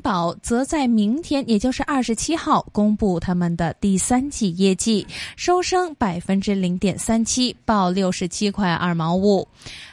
保則在明天，也就是二十七號，公布他們的第三季業績，收升百分之零點三七，報六十七塊二毛五。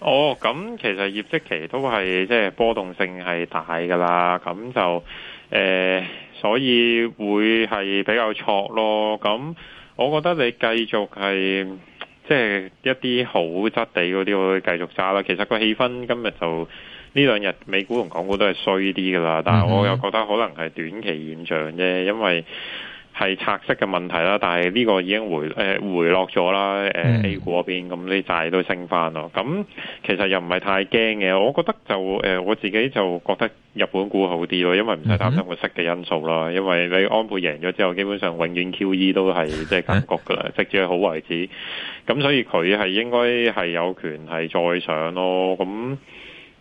哦，咁其實業績期都係即係波動性係大噶啦，咁就誒、呃，所以會係比較挫咯。咁我覺得你繼續係即係一啲好質地嗰啲，我會繼續揸啦。其實個氣氛今日就呢兩日美股同港股都係衰啲噶啦，但係我又覺得可能係短期現象啫，因為。係拆息嘅問題啦，但係呢個已經回誒、呃、回落咗啦，誒、呃、A 股嗰邊咁啲債都升翻咯。咁其實又唔係太驚嘅，我覺得就誒、呃、我自己就覺得日本股好啲咯，因為唔使擔心個息嘅因素啦。因為你安倍贏咗之後，基本上永遠 QE 都係即係格局㗎啦，直至好為止。咁所以佢係應該係有權係再上咯。咁。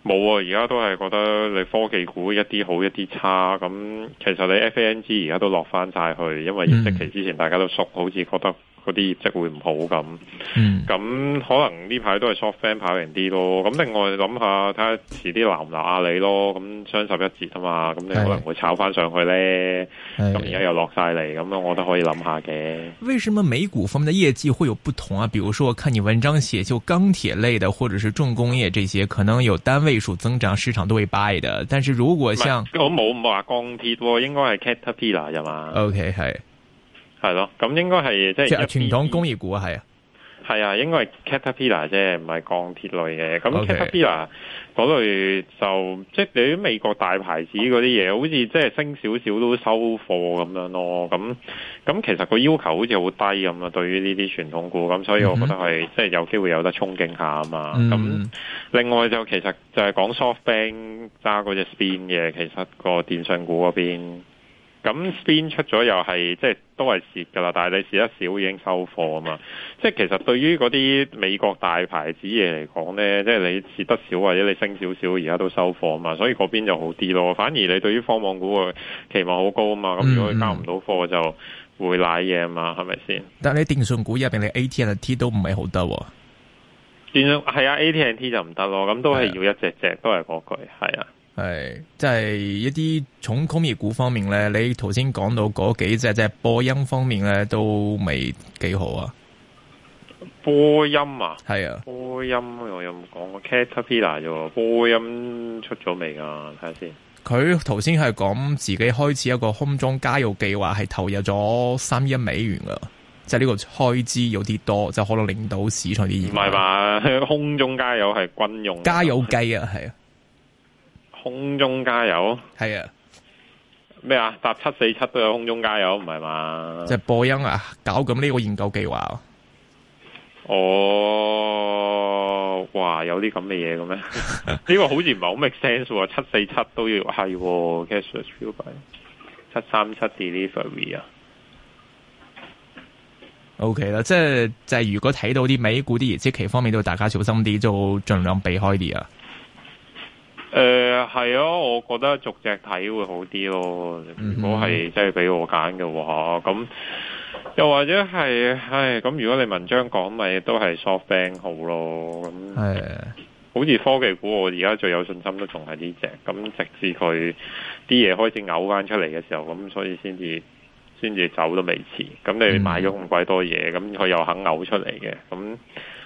冇啊！而家都係覺得你科技股一啲好一啲差咁，其實你 FANG 而家都落翻晒去，因為業績期之前大家都熟，好似覺得。嗰啲業績會唔好咁，咁、嗯、可能呢排都係 short fan 跑贏啲咯。咁另外諗下，睇下遲啲難唔難阿、啊、里咯。咁雙十一節啊嘛，咁你可能會炒翻上去咧。咁而家又落晒嚟，咁、哎、我都可以諗下嘅。為什麼美股方面的業績會有不同啊？比如說，我看你文章寫就鋼鐵類的，或者是重工業這些，可能有單位數增長，市場都會 buy 的。但是如果像我冇話鋼鐵，應該係 Caterpillar 啫嘛。OK，係、哎。係咯，咁應該係即係傳統工業股啊，係啊，係啊，應該 Caterpillar 即係唔係鋼鐵類嘅，咁 Caterpillar 嗰類就，okay. 即係你美國大牌子嗰啲嘢，好似即係升少少都收貨咁樣咯，咁咁其實個要求好似好低咁啊，對於呢啲傳統股，咁所以我覺得係，mm -hmm. 即係有機會有得憧憬下啊嘛，咁，mm -hmm. 另外就其實就係講 SoftBank 揸嗰隻 spin 嘅，其實個電信股嗰邊。咁邊出咗又係即係都係蝕噶啦，但係你蝕得少已經收貨啊嘛，即係其實對於嗰啲美國大牌子嘢嚟講咧，即係你蝕得少或者你升少少而家都收貨啊嘛，所以嗰邊就好啲咯。反而你對於科網股啊期望好高啊嘛，咁如果交唔到貨就會賴嘢啊嘛，係咪先？但係你電信股入面你 AT&T 都唔係好得。電信係啊，AT&T 就唔得咯，咁都係要一隻隻，都係嗰句係啊。係，即係、就是、一啲重工業股方面咧，你頭先講到嗰幾隻即係波音方面咧，都未幾好啊。波音啊，係啊，波音我有冇講過 Caterpillar 啫，波音出咗未啊？睇下先。佢頭先係講自己開始一個空中加油計劃，係投入咗三億美元噶，即係呢個開支有啲多，就可能令到市場啲熱，唔係嘛，是 空中加油係軍用、啊、加油機啊，係啊。.空中加油係啊，咩啊？搭七四七都有空中加油，唔係嘛？即係波音啊，搞緊呢個研究計劃，啊。哦，哇，有啲咁嘅嘢咁咩？呢 個好似唔係好 make sense，啊。七四七都要係 cash flow by 七三七 delivery 啊。OK 啦，即係就係如果睇到啲美股啲業績期方面，都要大家小心啲，就盡量避開啲啊。誒、呃，係咯、啊，我覺得逐隻睇會好啲咯、哦。如果係真係俾我揀嘅話，咁、mm -hmm. 又或者係，係咁如果你文章講咪都係 SoftBank 好咯。咁係，mm -hmm. 好似科技股，我而家最有信心都仲係呢隻。咁直至佢啲嘢開始嘔翻出嚟嘅時候，咁所以先至先至走都未遲。咁你買咗咁鬼多嘢，咁佢又肯嘔出嚟嘅咁。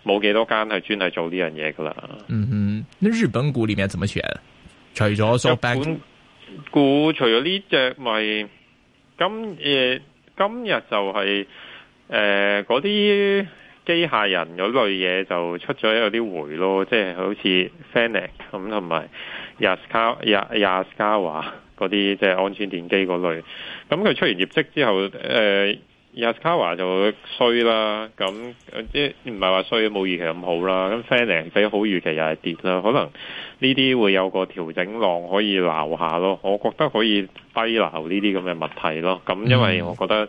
冇幾多間係專係做呢樣嘢噶啦。嗯嗯，那日本股裏面怎麼選？除咗日本股，除咗呢隻咪，今、誒今日就係誒嗰啲機械人嗰類嘢就出咗有啲回咯，即係好似 Fanuc 咁，嗯，同埋 Yaskawa 嗰啲即係安全電機嗰類。咁、嗯、佢出完業績之後，誒、呃。雅斯卡華就會衰啦，咁即唔係話衰冇預期咁好啦，咁芬尼比好預期又係跌啦，可能呢啲會有個調整浪可以鬧下咯，我覺得可以低流呢啲咁嘅物體咯，咁因為我覺得。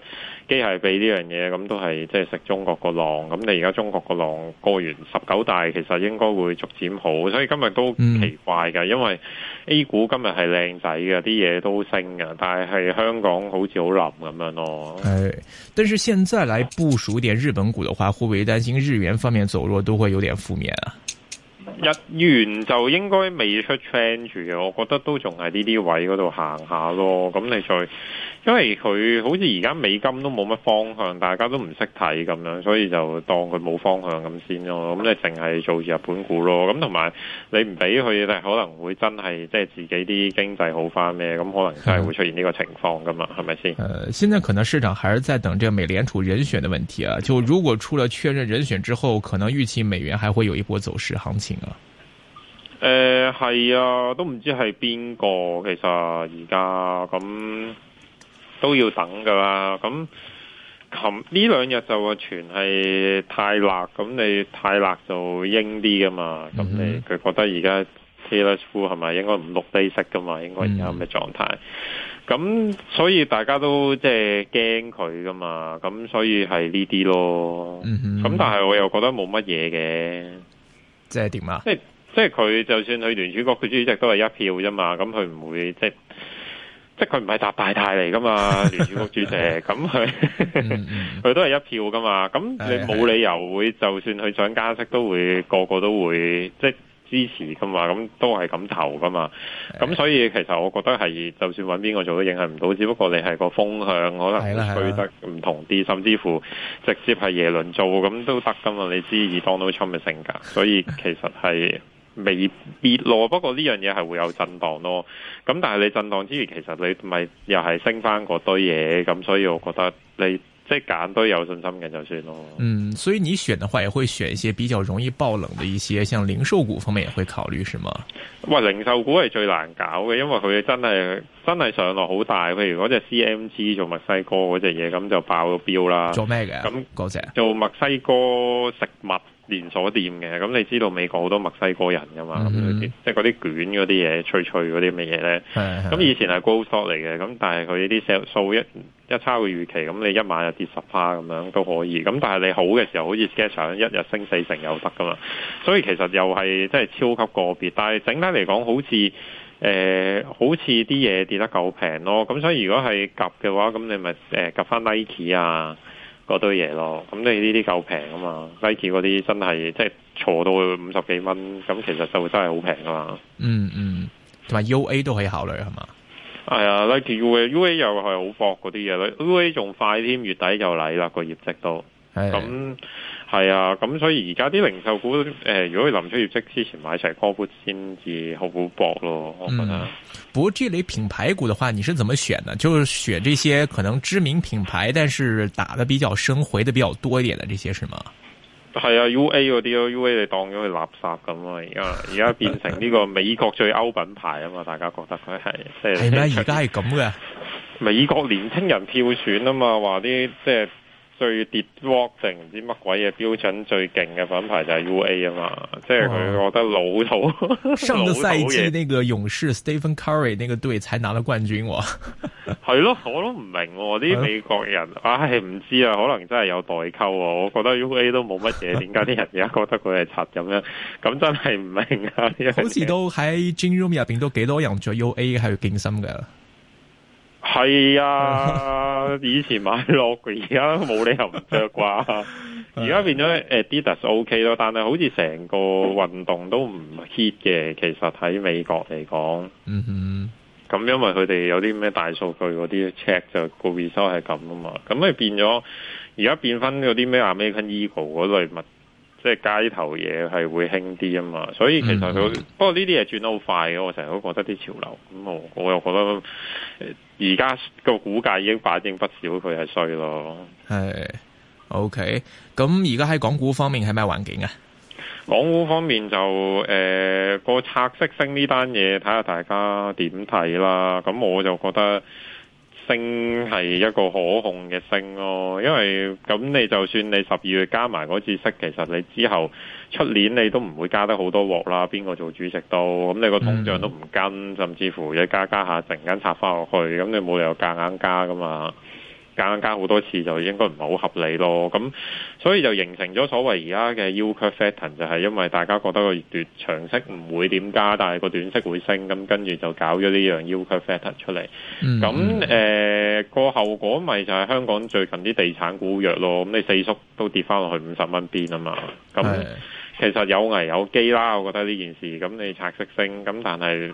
機械臂呢樣嘢咁都係即係食中國個浪，咁你而家中國個浪過完十九大，其實應該會逐漸好，所以今日都奇怪嘅，因為 A 股今日係靚仔嘅，啲嘢都升嘅，但係係香港好似好冧咁樣咯。係，但是現在來部署啲日本股的話，會不會擔心日元方面走弱都會有點負面啊？日元就應該未出 change 嘅，我覺得都仲係呢啲位嗰度行下咯。咁你再，因為佢好似而家美金都冇乜方向，大家都唔識睇咁樣，所以就當佢冇方向咁先咯。咁你淨係做住日本股咯。咁同埋你唔俾佢，但係可能會真係即係自己啲經濟好翻咩，咁可能真係會出現呢個情況噶嘛？係咪先？誒，現在可能市場還是在等這個美聯儲人選的問題啊。就如果出了確認人選之後，可能預期美元還會有一波走勢行情啊。誒、呃，係啊，都唔知係邊個，其實而家咁都要等噶啦。咁琴呢兩日就話全係太辣，咁你太辣就應啲噶嘛。咁、嗯、你佢覺得而家 Taylor Swift 係咪應該唔錄低色噶嘛？應該而家咩狀態？咁、嗯、所以大家都即係驚佢噶嘛？咁所以係呢啲咯。咁、嗯、但係我又覺得冇乜嘢嘅，即係點啊？即係佢，就算去聯儲局嘅主席都係一票啫嘛，咁佢唔會即係，即係佢唔係大敗嚟噶嘛，聯儲局主席，咁佢佢都係一票噶嘛，咁你冇理由會， 就算佢想加息，都會個個都會即係支持噶嘛，咁都係咁投噶嘛，咁 所以其實我覺得係，就算揾邊個做都影響唔到，只不過你係個風向，可能去得唔同啲，甚至乎直接係耶倫做咁都得噶嘛，你知 Donald Trump 嘅性格，所以其實係。 未必咯，不過呢樣嘢係會有震蕩咯。咁但係你震蕩之餘，其實你咪又係升翻嗰堆嘢，咁所以我覺得你即係揀堆有信心嘅就算咯。嗯，所以你選嘅話，也會選一些比較容易爆冷的一些，像零售股方面也會考慮，是嗎？喂，零售股係最難搞嘅，因為佢真係真係上落好大。譬如嗰隻 CMG 做墨西哥嗰隻嘢，咁就爆咗標啦。做咩嘅？咁嗰隻做墨西哥食物。連鎖店嘅，咁你知道美國好多墨西哥人噶嘛？嗯嗯，即係嗰啲卷嗰啲嘢，脆脆嗰啲乜嘢咧？咁以前係 growth stock 嚟嘅，咁但係佢啲 sales 數一差超預期，咁你一晚就跌十趴咁樣都可以。咁但係你好嘅時候，好似 get 上一日升四成又得噶嘛？所以其實又係真係超級個別。但係整體嚟講，好似、呃、好似啲嘢跌得夠平咯。咁所以如果係夾嘅話，咁你咪誒夾翻 Nike 啊？嗰堆嘢咯，咁你呢啲夠平啊嘛？Nike 嗰啲真係即係坐到五十幾蚊，咁其實就真係好平㗎嘛。嗯嗯，同埋 UA 都可以考慮係嘛？係啊，Nike UA UA 又係好搏嗰啲嘢，UA 仲快添，月底就嚟啦個業績都。係啊，咁、嗯、所以而家啲零售股，誒、呃，如果臨出業績之前買齊高股先至好好搏咯。我覺得、嗯，不過呢類品牌股嘅話，你是怎麼選呢？就是選這些可能知名品牌，但是打得比較生回得比較多一點的這些是嗎？係啊，U A 嗰啲啊，U A 你當咗佢垃圾咁啊！而家而家變成呢個美國最歐品牌啊嘛，大家覺得佢係係咩？而家係咁嘅，美國年輕人票選啊嘛，話啲即係。就是最跌落定唔知乜鬼嘢標準最勁嘅品牌就係 UA 啊嘛，即係佢覺得老土。 上個賽季那個勇士 Stephen Curry 那個隊才拿了冠軍喎。係咯，我都唔明喎啲、啊、美國人，唉、啊、唔、哎、知道啊，可能真係有代溝喎、啊。我覺得 UA 都冇乜嘢，點解啲人而家覺得佢係柒咁樣？咁真係唔明啊！好似都喺 Gym Room 入邊都幾多人做 UA 係健身㗎。.係啊，以前買落嘅，而家冇理由唔着啩。而家變咗 Adidas OK 咯，但係好似成個運動都唔 hit 嘅。其實喺美國嚟講，嗯哼，咁因為佢哋有啲咩大數據嗰啲 check 就個 result 係咁啊嘛。咁咪變咗，而家變翻嗰啲咩 American Eagle 嗰類物。即係街頭嘢，係會輕啲啊嘛，所以其實佢、嗯、不過呢啲嘢轉得好快嘅，我成日都覺得啲潮流咁，我我又覺得而家個股價已經反映不少佢，係衰咯。係，OK，咁而家喺港股方面係咩環境啊？港股方面就誒個拆息升呢單嘢，睇、呃、下大家點睇啦。咁我就覺得。升係一個可控嘅升咯，因為咁你就算你十二月加埋嗰次息，其實你之後出年你都唔會加得好多鑊啦。邊個做主席都咁，你個通脹都唔跟，甚至乎加一加加下，突然間插翻落去，咁你冇理由夾硬加噶嘛。加加好多次就應該唔係好合理咯，咁所以就形成咗所謂而家嘅 yield curve flattening 就係因為大家覺得個短長息唔會點加，但係個短息會升，咁跟住就搞咗呢樣 yield curve flattening 出嚟。咁誒個後果咪就係香港最近啲地產股弱咯。咁你四叔都跌返落去五十蚊邊啊嘛。咁其實有危有機啦，我覺得呢件事。咁你拆息升，咁但係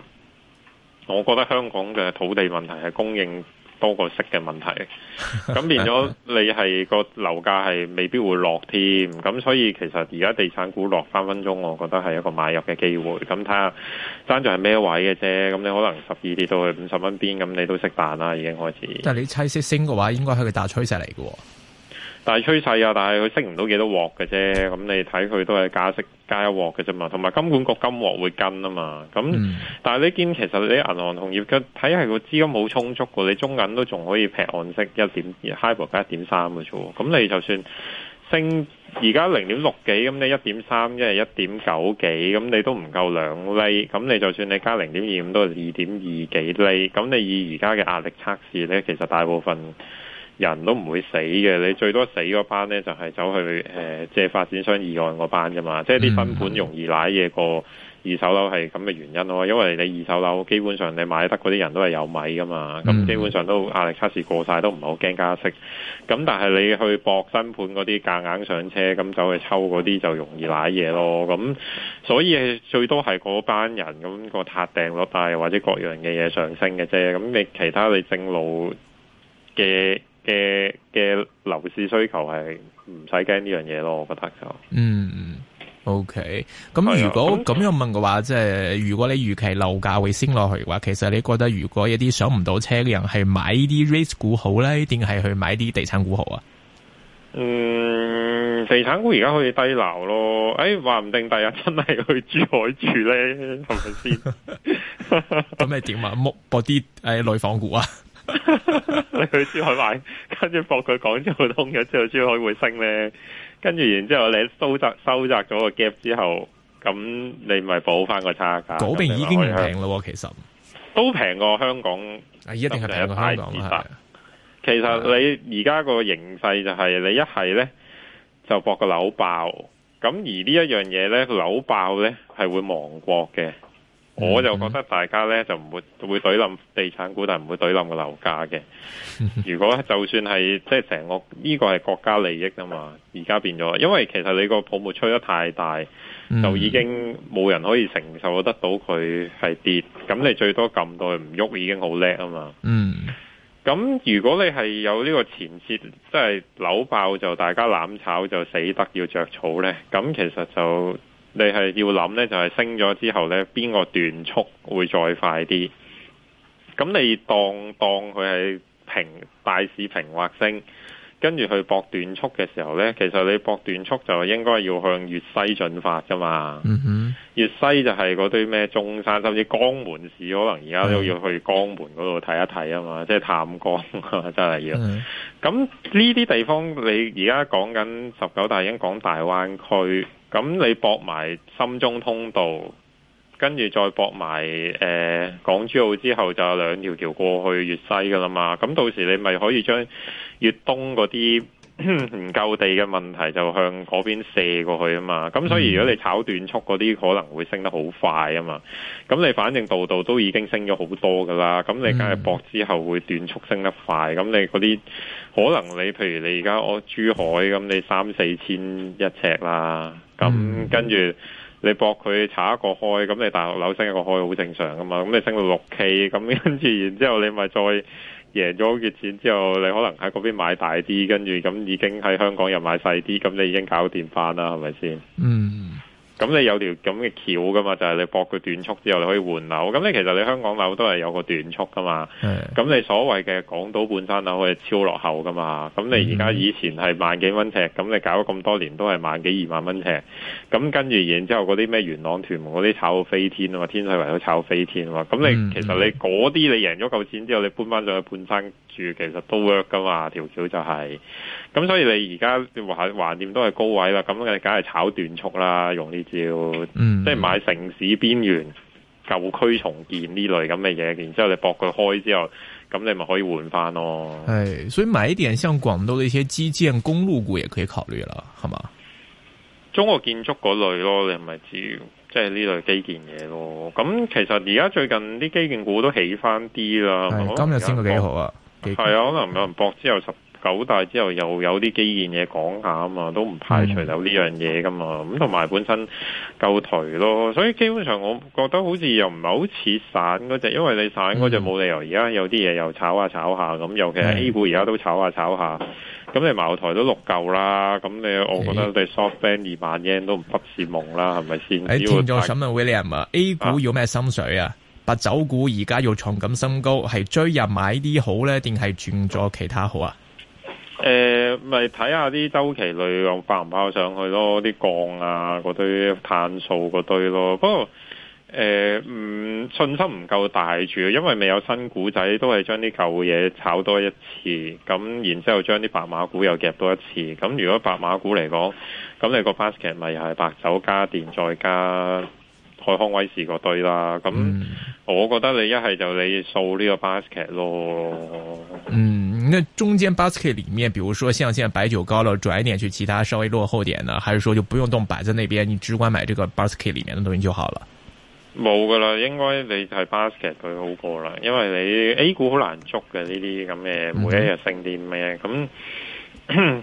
我覺得香港嘅土地問題係供應。 多個息嘅問題，咁變咗你係個樓價係未必會落添，咁所以其實而家地產股落三分鐘，我覺得係一個買入嘅機會。咁睇下爭在係咩位嘅啫，咁你可能十二跌到去五十蚊邊，咁你都識扮啦，已經開始。但係你睇升升嘅話，應該係個大趨勢嚟嘅。但係趨勢啊，但係佢升唔到幾多鑊嘅啫，咁你睇佢都係加息加一鑊嘅啫嘛，同埋金管局金鑊會跟啊嘛，咁、嗯、但係呢邊其實你銀行行業嘅睇係個資金好充足嘅，你中銀都仲可以劈按息一點 Hybrid 加一點三嘅啫，咁你就算升而家零點六幾，咁你一點三即係一點九幾，咁你都唔夠兩厘。咁你就算你加零點二五，咁都係二點二幾厘。咁你以而家嘅壓力測試咧，其實大部分。人都唔會死嘅，你最多死嗰班呢，就係、是、走去即、呃、借發展商議案嗰班啫嘛，即係啲新盤容易攋嘢過、mm -hmm. 二手樓係咁嘅原因咯。因為你二手樓基本上你買得嗰啲人都係有米噶嘛，咁、mm -hmm. 基本上都壓力測試過曬都唔係好驚加息。咁但係你去搏新盤嗰啲夾硬上車，咁走去抽嗰啲就容易攋嘢咯。咁所以最多係嗰班人咁、那個撻訂率大，或者各樣嘅嘢上升嘅啫。咁你其他你正路嘅嘅嘅樓市需求係唔使驚呢樣嘢咯，我覺得就嗯，OK。咁如果咁樣問嘅話，哎、即係如果你預期樓價會升落去嘅話，其實你覺得如果一啲上唔到車嘅人係買啲 REIT 股好咧，定係去買啲地產股好啊？嗯，地產股而家可以低樓咯，誒、哎，話唔定第日真係去珠海住咧，係咪先？咁你點啊？搏啲誒內房股啊？ 你去珠海買，跟住搏佢港珠澳通咗之後，珠海會升咧。跟住然之後你收窄，收窄咗個 gap 之後，咁你咪補翻個差價。嗰邊已經唔平咯，其實都平過香港。啊，一定係平過香港。其實你而家個形勢就係、是、你一係咧就搏個樓爆，咁而一呢一樣嘢咧樓爆咧係會亡國嘅。我就覺得大家咧就唔會會懟冧地產股，但係唔會懟冧個樓價嘅。如果就算係即係成個呢個係國家利益啊嘛，而家變咗，因為其實你個泡沫吹得太大，嗯、就已經冇人可以承受得到佢係跌。咁你最多撳到佢唔喐已經好叻啊嘛。嗯。咁如果你係有呢個前設，即係扭爆就大家攬炒就死得要着草咧，咁其實就～你係要諗咧，就係升咗之後咧，邊個段速會再快啲？咁你當當佢係平大市平或升？跟住去搏短速嘅時候呢，其實你搏短速就應該要向粵西進發㗎嘛。嗯哼，粵西就係嗰堆咩中山，甚至江門市，可能而家都要去江門嗰度睇一睇啊嘛，即係探江嘛，真係要。咁呢啲地方你而家講緊十九大已經講大灣區，咁你搏埋深中通道。跟住再博埋誒港珠澳之後，就有兩條橋過去粵西㗎啦嘛。咁到時你咪可以將粵東嗰啲唔夠地嘅問題就向嗰邊射過去啊嘛。咁所以如果你炒短速嗰啲可能會升得好快啊嘛。咁你反正度度都已經升咗好多噶啦。咁你梗係博之後會短速升得快。咁你嗰啲可能你譬如你而家我珠海咁，你三四千一尺啦。咁、嗯、跟住。你博佢查一個開，咁你大陸樓升一個開好正常㗎嘛？咁你升到六 K，咁跟住然之後你咪再贏咗啲錢之後，你可能喺嗰邊買大啲，跟住咁已經喺香港又買細啲，咁你已經搞掂翻啦，係咪先？嗯。咁你有條咁嘅橋噶嘛？就係、是、你駁佢短速之後你可以換樓。咁你其實你香港樓都係有個短速噶嘛。咁你所謂嘅港島半山樓可以超落後噶嘛？咁你而家以前係萬幾蚊尺，咁你搞咗咁多年都係萬幾二萬蚊尺。咁跟住然之後嗰啲咩元朗、屯門嗰啲炒飛天啊嘛，天水圍都炒飛天啊嘛。咁你其實你嗰啲你贏咗嚿錢之後，你搬翻上去半山。其實都 work 噶嘛，條橋就係、是，咁所以你而家橫掂都係高位啦，咁你梗係炒短促啦，用呢招，嗯、即係買城市邊緣、舊區重建呢類咁嘅嘢，然之後你駁佢開之後，咁你咪可以換翻咯。係，所以買一點像廣東嘅一些基建、公路股也可以考慮啦，係咪？中國建築嗰類咯，你係咪知，即係呢類基建嘢咯。咁其實而家最近啲基建股都起翻啲啦，今日升過幾毫啊？係啊，可能有人博之後、嗯、十九大之後又有啲基建嘢講下啊嘛，都唔排除有呢樣嘢噶嘛。咁同埋本身夠頹咯，所以基本上我覺得好似又唔係好似散嗰隻，因為你散嗰隻冇理由而家有啲嘢又炒下炒下咁，尤其係 A 股而家都炒下炒下，咁你茅台都六舊啦，咁你我覺得你 SoftBank 二萬 yen 都不是夢啦，係咪先？誒、啊，填座想問 William 啊，A 股要咩心水啊？白酒股而家要創咁新高，係追入買啲好呢？定係轉咗其他好啊？誒、呃，咪睇下啲周期類嘅爆唔爆上去咯，啲鋼啊，嗰堆碳素嗰堆咯。不過誒，唔、呃、信心唔夠大住，因為未有新股仔，都係將啲舊嘢炒多一次，咁然之後將啲白馬股又夾多一次。咁如果白馬股嚟講，咁你個 basket 咪又係白酒、家電再加。康威士嗰對啦，咁我覺得你一係就你掃呢個 basket 咯。嗯，那中間 basket 裏面，比如說像現在白酒高了，轉一點去其他稍微落後點呢，還是說就不用動擺在那邊，你只管買這個 basket 裏面的東西就好了。冇噶啦，應該你係 basket 佢好過啦，因為你 A 股好難捉嘅呢啲咁嘅每一日升跌咩咁。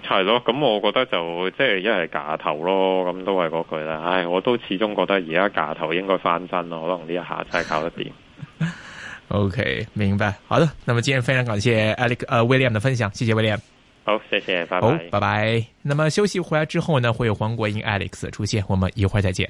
係咯，咁 我覺得就即係一係假頭咯，咁都係嗰句啦。唉，我都始終覺得而家假頭應該翻身咯，可能呢一下真係搞得掂。 o、okay, K，明白，好的。那麼今日非常感謝 Alex，呃 William 的分享，謝謝 William。好，謝謝，拜拜，好，拜拜。那麼休息回來之後呢，會有黃國英 Alex 出現，我們一會兒再見。